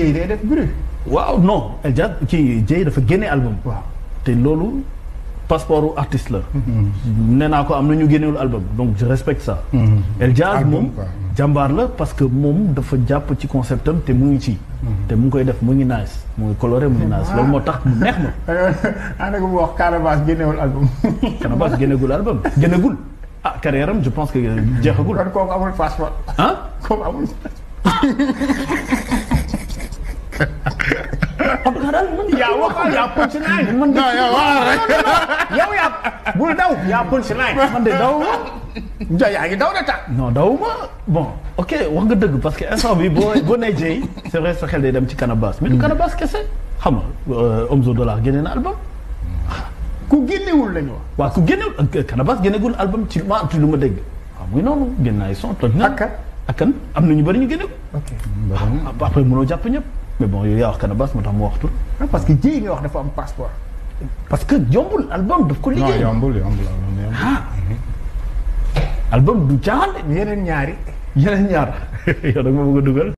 Dieye day def bruit. waaw non El Hadj kii jey dafa génne album. waaw te loolu passeport artiste la. Mm-hmm. nee naa ko am na ñu génnewul album donc je respecte ça. Mm-hmm. El Hadj moom jàmbaar la parce que moom dafa jàpp ci concept am te mu ngi ci. Mm-hmm. te mu ngi koy def mu ngi nice mu ngi coloré mu ngi nice loolu moo tax neex na. ana ko mu wax Canabasse génnewul album. Canabasse génnegul album génnegul. ah carrière am je pense que jeexagul. kon kooku amul passeport. ah kooku amul. lan man. yaa waxal yaa punchline. man de yow yow yaa bul daw. yaa punchline. yaa ngi daw de ta non daw ma bon ok wax nga dëgg parce que instant bi boo boo nee sa xel day dem ci Canabasse. mais du Canabasse kese xam nga Omzo Dollar génne na album. ku génnewul lañu wax. ku génnewul Canabasse génnegul album ci ma ci lu ma dégg. waaw am na ñu bëri ñu génne après mënoo jàpp ñëpp. mais bon yow yaa wax Canabasse moo tax mu waxtu. Ah, parce que Dieye nga wax dafa am passeport. parce que yombul album daf ko liggéey. non yombul yombul ah. album du caaxaan yeneen ñaari yeneen ñaar yow da nga a dugal.